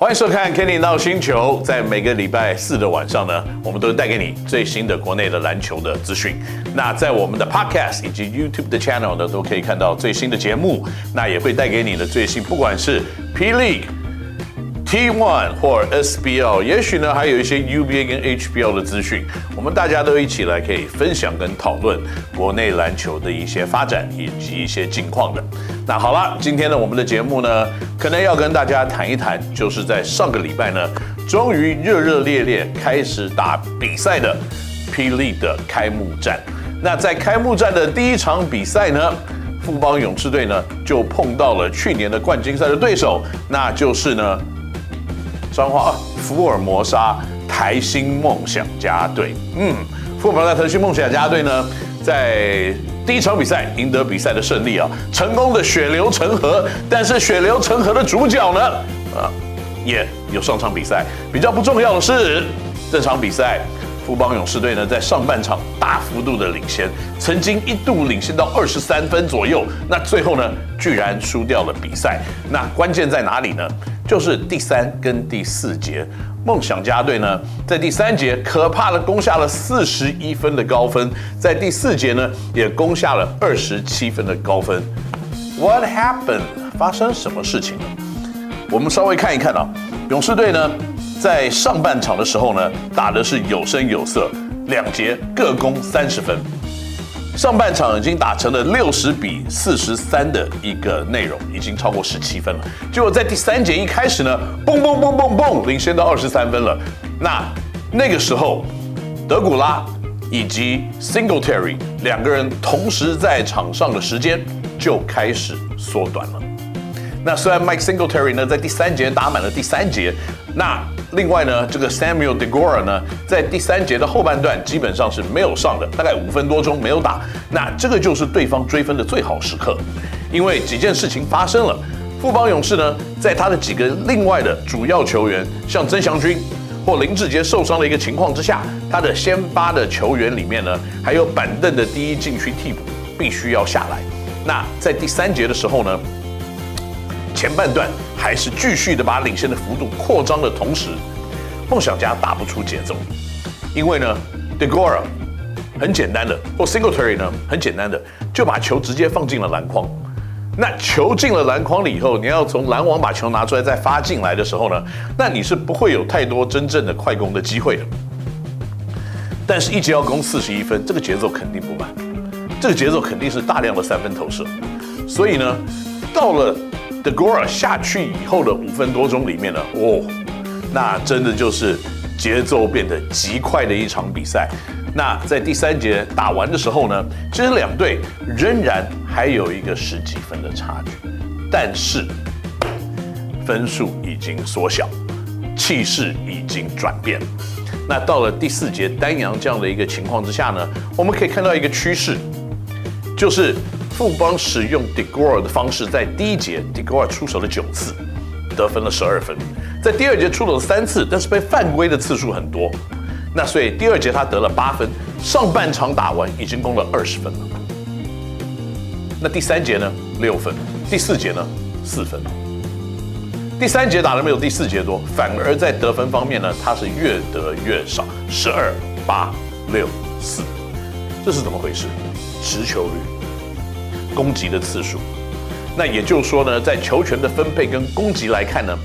歡迎收看《Kenny NOW 星球》，在每個禮拜四的晚上呢，我們都會帶給你最新的國內的籃球的資訊。那在我們的 Podcast 以及 YouTube 的 Channel 呢，都可以看到最新的節目。那也會帶給你的最新，不管是 P League。Le T1 或 SBL，也許呢還有一些 UBA 跟 HBL 的資訊，我們大家都一起來可以分享跟討論國內籃球的一些發展以及一些近況的。那好了，今天呢我們的節目呢可能要跟大家談一談，就是在上個禮拜呢，終於熱熱烈烈開始打比賽的 P-League 的開幕戰。那在開幕戰的第一場比賽呢，富邦勇士隊呢就碰到了去年的冠軍賽的對手，那就是呢。雙花啊，福爾摩沙台新夢想家隊，嗯，福爾摩沙台新夢想家隊呢，在第一場比賽贏得比賽的勝利啊，成功的血流成河，但是血流成河的主角呢，啊，也、yeah, 有上場比賽比較不重要的是，這場比賽富邦勇士隊呢，在上半場大幅度的領先，曾經一度領先到二十三分左右，那最後呢，居然輸掉了比賽，那關鍵在哪裡呢？就是第三跟第四節，夢想家隊呢，在第三節可怕的攻下了四十一分的高分，在第四節呢，也攻下了二十七分的高分。What happened？發生什麼事情呢？我們稍微看一看啊，勇士隊呢，在上半場的時候呢，打的是有聲有色，兩節各攻三十分。上半場已經打成了六十比四十三的一個內容，已經超過十七分了。結果在第三節一開始呢，嘣嘣嘣嘣嘣，領先到二十三分了。那那個時候，德古拉以及 Singletary 兩個人同時在場上的時間就開始縮短了。那雖然 Mike Singletary 呢在第三節打滿了第三節，那。另外呢，這個 Samuel Deguara 呢，在第三節的後半段基本上是沒有上的，大概五分多鐘沒有打。那這個就是對方追分的最好時刻，因為幾件事情發生了。富邦勇士呢，在他的幾個另外的主要球員像曾祥鈞或林志傑受傷的一個情況之下，他的先發的球員裡面呢，還有板凳的第一禁區替補必須要下來。那在第三節的時候呢，前半段還是繼續的把領先的幅度擴張的同時，夢想家打不出節奏，因為呢，Degora 很簡單的，或 Singletary 呢很簡單的就把球直接放進了籃筐。那球進了籃筐了以後，你要從籃網把球拿出來再發進來的時候呢，那你是不會有太多真正的快攻的機會的。但是，一直要攻四十一分，這個節奏肯定不慢，這個節奏肯定是大量的三分投射。所以呢，到了。goal 下去以後的五分多鐘裡面呢，哦，那真的就是節奏變得極快的一場比賽。那在第三節打完的時候呢，其實兩隊仍然還有一個十幾分的差距，但是分數已經縮小，氣勢已經轉變。那到了第四節，丹陽這樣的一個情況之下呢，我們可以看到一個趨勢，就是。富邦使用 Degore 的方式，在第一節 Degore 出手了九次，得分了十二分。在第二節出手了三次，但是被犯規的次數很多。那所以第二節他得了八分，上半場打完已經攻了二十分了。那第三節呢？六分。第四節呢？四分。第三節打得沒有第四節多，反而在得分方面呢，他是越得越少，十二八六四，這是怎麼回事？持球率。攻擊的次數，那也就是說呢，在球權的分配跟攻擊來看呢，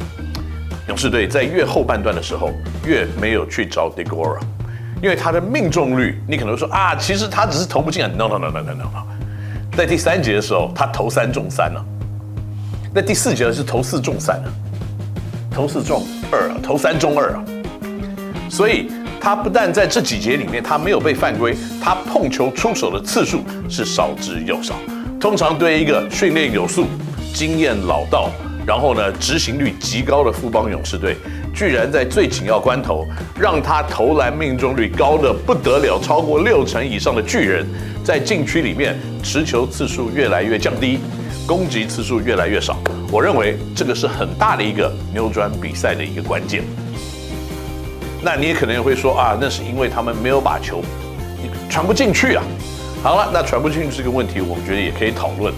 勇士隊在越後半段的時候越沒有去找 Degora，因為他的命中率，你可能會說啊，其實他只是投不進啊。No no no no no no，在第三節的時候他投三中三啊，那第四節是投四中三啊，投四中二啊，投三中二啊，所以他不但在這幾節裡面他沒有被犯規，他碰球出手的次數是少之又少。通常對一個訓練有素、經驗老道，然後呢執行率極高的富邦勇士隊，居然在最緊要關頭，讓他投籃命中率高得不得了，超過六成以上的巨人，在禁區裡面持球次數越來越降低，攻擊次數越來越少。我認為這個是很大的一個扭轉比賽的一個關鍵。那你也可能會說啊，那是因為他們沒有把球傳不進去啊。好了，那傳不進去這個問題，我們覺得也可以討論了。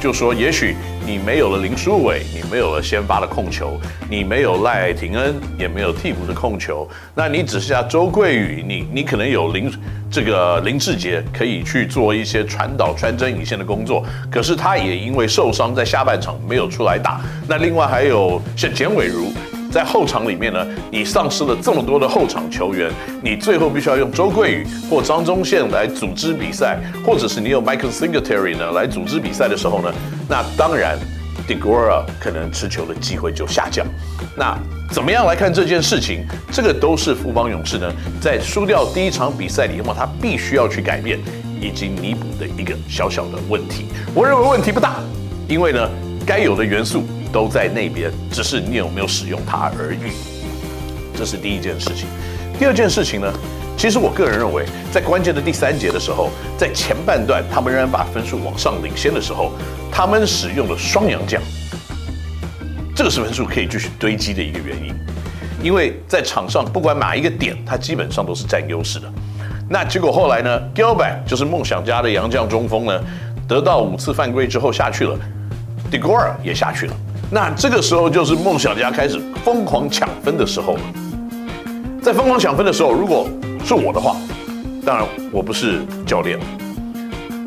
就說，也許你沒有了林書緯，你沒有了先發的控球，你沒有賴廷恩，也沒有替補的控球，那你只剩下周桂宇，你你可能有林這個林志傑可以去做一些傳導穿針引線的工作，可是他也因為受傷在下半場沒有出來打。那另外還有像簡偉如。在後場裡面呢，你喪失了這麼多的後場球員，你最後必須要用周桂宇或張宗憲來組織比賽，或者是你有 Michael Singletary 呢來組織比賽的時候呢，那當然 DeGora 可能持球的機會就下降。那怎麼樣來看這件事情？這個都是富邦勇士呢在輸掉第一場比賽裡，那他必須要去改變以及彌補的一個小小的問題。我認為問題不大，因為呢該有的元素。都在那邊，只是你有沒有使用它而已。這是第一件事情。第二件事情呢？其實我個人認為，在關鍵的第三節的時候，在前半段他們仍然把分數往上領先的時候，他們使用了雙洋將，這個是分數可以繼續堆積的一個原因。因為在場上不管哪一個點，他基本上都是佔優勢的。那結果後來呢？Gilbert 就是夢想家的洋將中鋒呢，得到五次犯規之後下去了，Deguar 也下去了。那這個時候就是夢想家開始瘋狂搶分的時候了。在瘋狂搶分的時候，如果是我的話，當然我不是教練，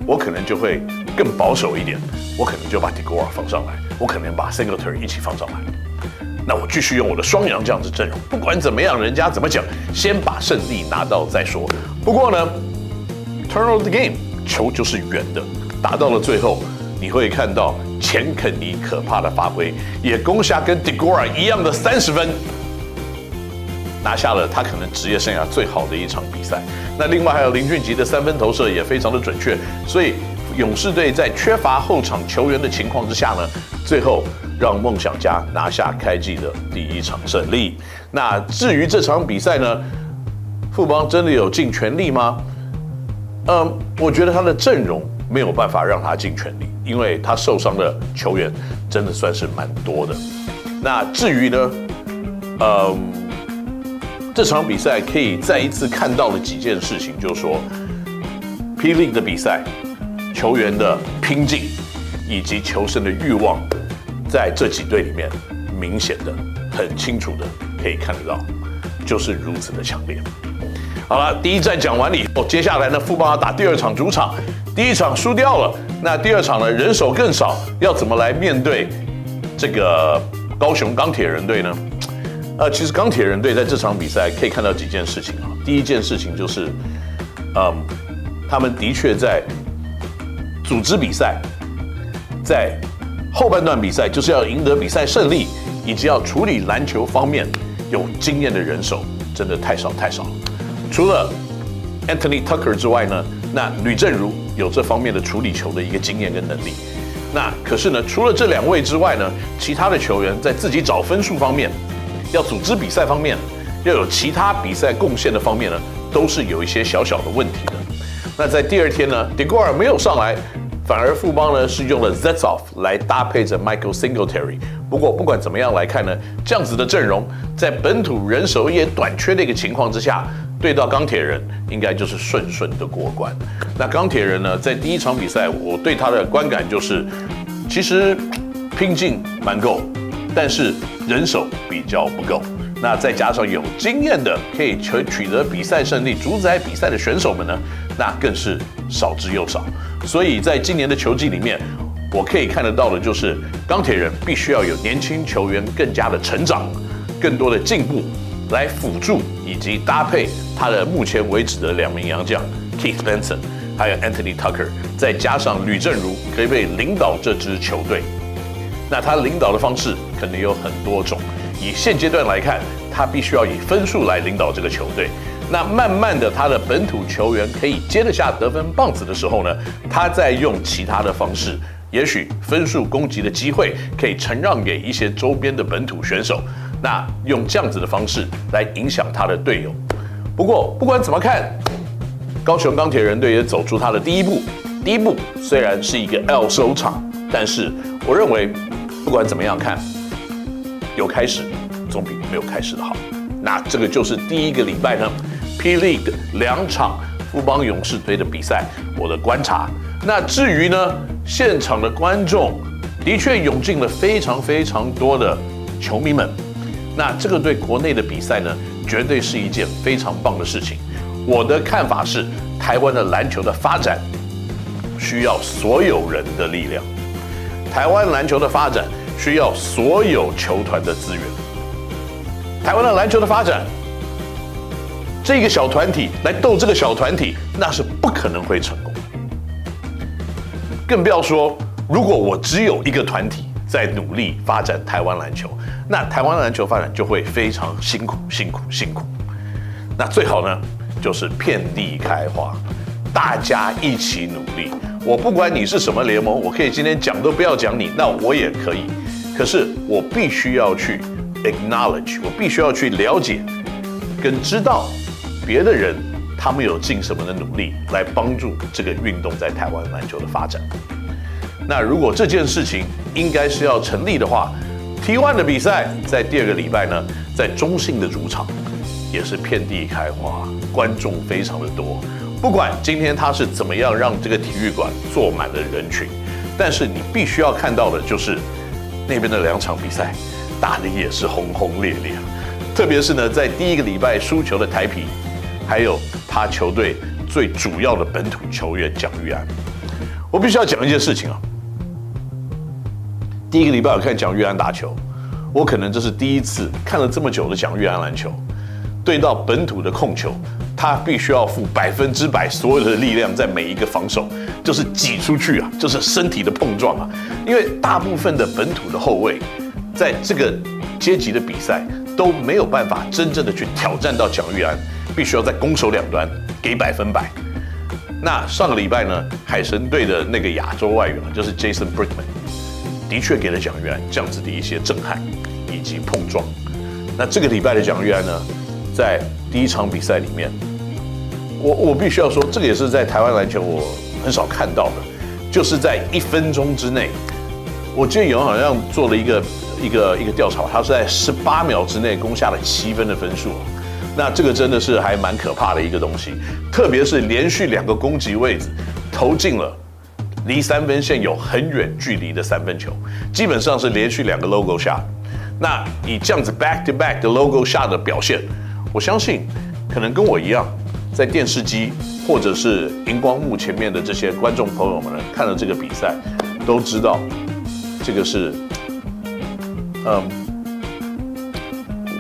我可能就會更保守一點，我可能就把迪戈瓦放上來，我可能把 Singleton 一起放上來。那我繼續用我的雙陽這樣子陣容。不管怎麼樣，人家怎麼講，先把勝利拿到再說。不過呢，turn of the game，球就是圓的，打到了最後，你會看到。前肯尼可怕的發揮，也攻下跟迪戈爾一樣的三十分，拿下了他可能職業生涯最好的一場比賽。那另外還有林俊杰的三分投射也非常的準確，所以勇士隊在缺乏後場球員的情況之下呢，最後讓夢想家拿下開季的第一場勝利。那至於這場比賽呢，富邦真的有盡全力嗎？嗯，我覺得他的陣容。沒有辦法讓他盡全力，因為他受傷的球員真的算是蠻多的。那至於呢，嗯、呃，這場比賽可以再一次看到的幾件事情，就是說，拼命的比賽，球員的拼勁，以及求勝的慾望，在這幾隊裡面，明顯的、很清楚的可以看得到，就是如此的強烈。好了，第一戰講完以後，接下來呢，富邦要打第二場主場。第一場輸掉了，那第二場呢？人手更少，要怎麼來面對這個高雄鋼鐵人隊呢？呃，其實鋼鐵人隊在這場比賽可以看到幾件事情啊。第一件事情就是，嗯，他們的確在組織比賽，在後半段比賽就是要贏得比賽勝利，以及要處理籃球方面有經驗的人手，真的太少太少了。除了 Anthony Tucker 之外呢，那呂政儒有這方面的處理球的一個經驗跟能力，那可是呢，除了這兩位之外呢，其他的球員在自己找分數方面，要組織比賽方面，要有其他比賽貢獻的方面呢，都是有一些小小的問題的。那在第二天呢，迪戈爾沒有上來，反而富邦呢是用了 Zoff 來搭配着 Michael Singletary。不過不管怎麼樣來看呢，這樣子的陣容在本土人手也短缺的一個情況之下。對到鋼鐵人應該就是順順的過關。那鋼鐵人呢，在第一場比賽，我對他的觀感就是，其實拼勁蠻夠，但是人手比較不夠。那再加上有經驗的可以取得比賽勝利、主宰比賽的選手們呢，那更是少之又少。所以在今年的球季裡面，我可以看得到的就是鋼鐵人必須要有年輕球員更加的成長、更多的進步來輔助以及搭配。他的目前為止的兩名洋將 Keith Benson，還有 Anthony Tucker，再加上呂正如，可以被領導這支球隊。那他領導的方式可能有很多種。以現階段來看，他必須要以分數來領導這個球隊。那慢慢的，他的本土球員可以接得下得分棒子的時候呢，他再用其他的方式，也許分數攻擊的機會可以承讓給一些週邊的本土選手。那用這樣子的方式來影響他的隊友。不過，不管怎麼看，高雄鋼鐵人隊也走出他的第一步。第一步雖然是一個 L 收場，但是我認為，不管怎麼樣看，有開始總比沒有開始的好。那這個就是第一個禮拜呢，P League 兩場富邦勇士隊的比賽，我的觀察。那至於呢，現場的觀眾的確湧進了非常非常多的球迷們。那這個對國內的比賽呢？絕對是一件非常棒的事情。我的看法是，台灣的籃球的發展需要所有人的力量。台灣籃球的發展需要所有球團的資源。台灣的籃球的發展，這個小團體來鬥這個小團體，那是不可能會成功的。更不要說，如果我只有一個團體。在努力發展台灣籃球，那台灣籃球發展就會非常辛苦，辛苦，辛苦。那最好呢，就是遍地開花，大家一起努力。我不管你是什麼聯盟，我可以今天講都不要講你，那我也可以。可是我必須要去 acknowledge，我必須要去了解跟知道別的人他們有盡什麼的努力來幫助這個運動在台灣籃球的發展。那如果這件事情應該是要成立的話，T1 的比賽在第二個禮拜呢，在中信的主場也是遍地開花，觀眾非常的多。不管今天他是怎麼樣讓這個體育館坐滿了人群，但是你必須要看到的就是那邊的兩場比賽打得也是轟轟烈烈,烈。特別是呢，在第一個禮拜輸球的台啤，還有他球隊最主要的本土球員蔣淯安，我必須要講一件事情啊。第一個禮拜我看蔣淯安打球，我可能這是第一次看了這麼久的蔣淯安籃球，對到本土的控球，他必須要付百分之百所有的力量在每一個防守，就是擠出去啊，就是身體的碰撞啊，因為大部分的本土的後衛，在這個階級的比賽都沒有辦法真正的去挑戰到蔣淯安，必須要在攻守兩端給百分百。那上個禮拜呢，海神隊的那個亞洲外援啊，就是 Jason Brickman。的確給了蔣淯安這樣子的一些震撼以及碰撞。那這個禮拜的蔣淯安呢，在第一場比賽裡面，我我必須要說，這個也是在台灣籃球我很少看到的，就是在一分鐘之內，我記得有人好像做了一個一個一個調查，他是在十八秒之內攻下了七分的分數。那這個真的是還蠻可怕的一個東西，特別是連續兩個攻擊位置投進了離三分線有很遠距離的三分球，基本上是連續兩個 logo 下。那以這樣子 back to back 的 logo 下的表現，我相信可能跟我一樣，在電視機或者是熒光幕前面的這些觀眾朋友們呢，看了這個比賽，都知道這個是，嗯，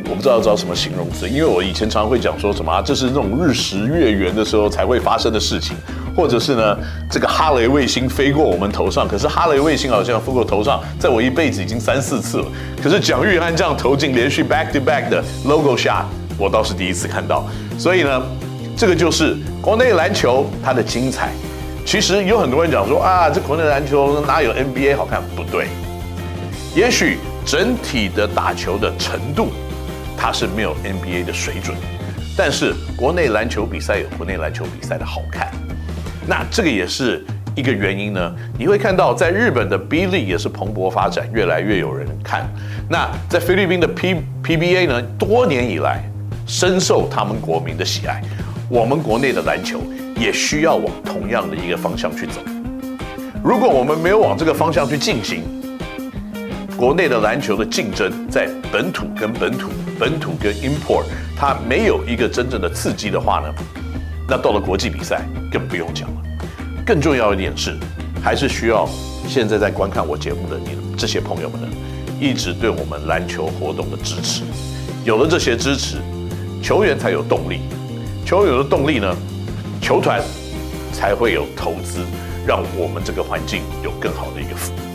我不知道要找什麼形容詞，因為我以前常常會講說什麼，啊，這是那種日食月圓的時候才會發生的事情。或者是呢，這個哈雷彗星飛過我們頭上，可是哈雷彗星好像飛過頭上，在我一輩子已經三四次了。可是蔣淯安這樣投進連續 back to back 的 logo 下，我倒是第一次看到。所以呢，這個就是國內籃球它的精彩。其實有很多人講說啊，這國內籃球哪有 NBA 好看？不對，也許整體的打球的程度，它是沒有 NBA 的水準，但是國內籃球比賽有國內籃球比賽的好看。那這個也是一個原因呢。你會看到，在日本的 B League 也是蓬勃發展，越來越有人看。那在菲律賓的 P PBA 呢，多年以來深受他們國民的喜愛。我們國內的籃球也需要往同樣的一個方向去走。如果我們沒有往這個方向去進行，國內的籃球的競爭在本土跟本土、本土跟 import，它沒有一個真正的刺激的話呢，那到了國際比賽更不用講了。更重要一點是，還是需要現在在觀看我節目的你這些朋友們呢，一直對我們籃球活動的支持。有了這些支持，球員才有動力；球員有了動力呢，球團才會有投資，讓我們這個環境有更好的一個。